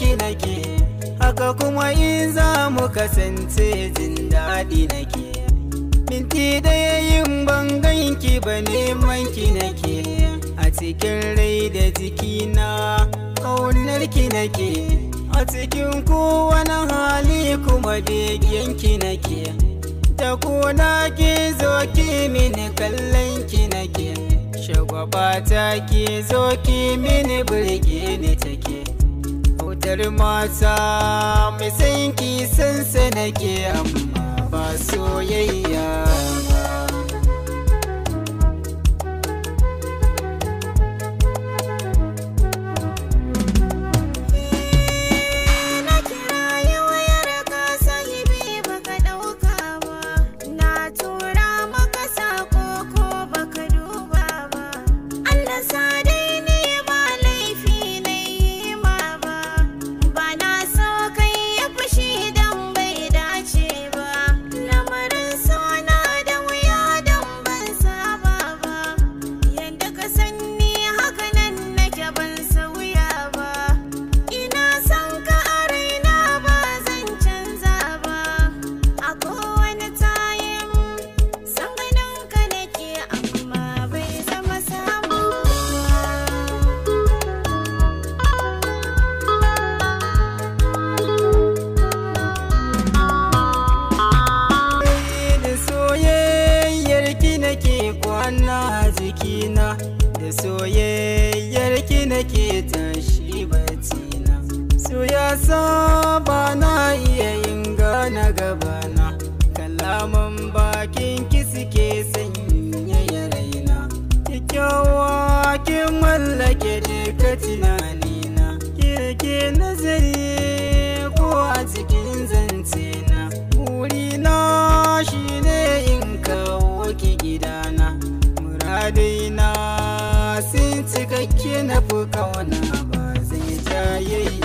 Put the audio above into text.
ki nake haka kuma in za mu kasance jin daɗi nake minti da yin banganki ganki ba neman ki nake a cikin rai da jikina ƙaunar ki nake a cikin kowane hali kuma begiyanki nake da kuna ke zo ki mini kallon ki nake shagwaba ta ke zo ki mini birge ni take Cutar mata mai sanki sansa nake amma ba soyayya. yake tashi na su ya saba na iya yin gana na kalaman bakin ki suke sanyaya na kyakkyawa kin mallake ne na. na fi kawana ba zai jayayi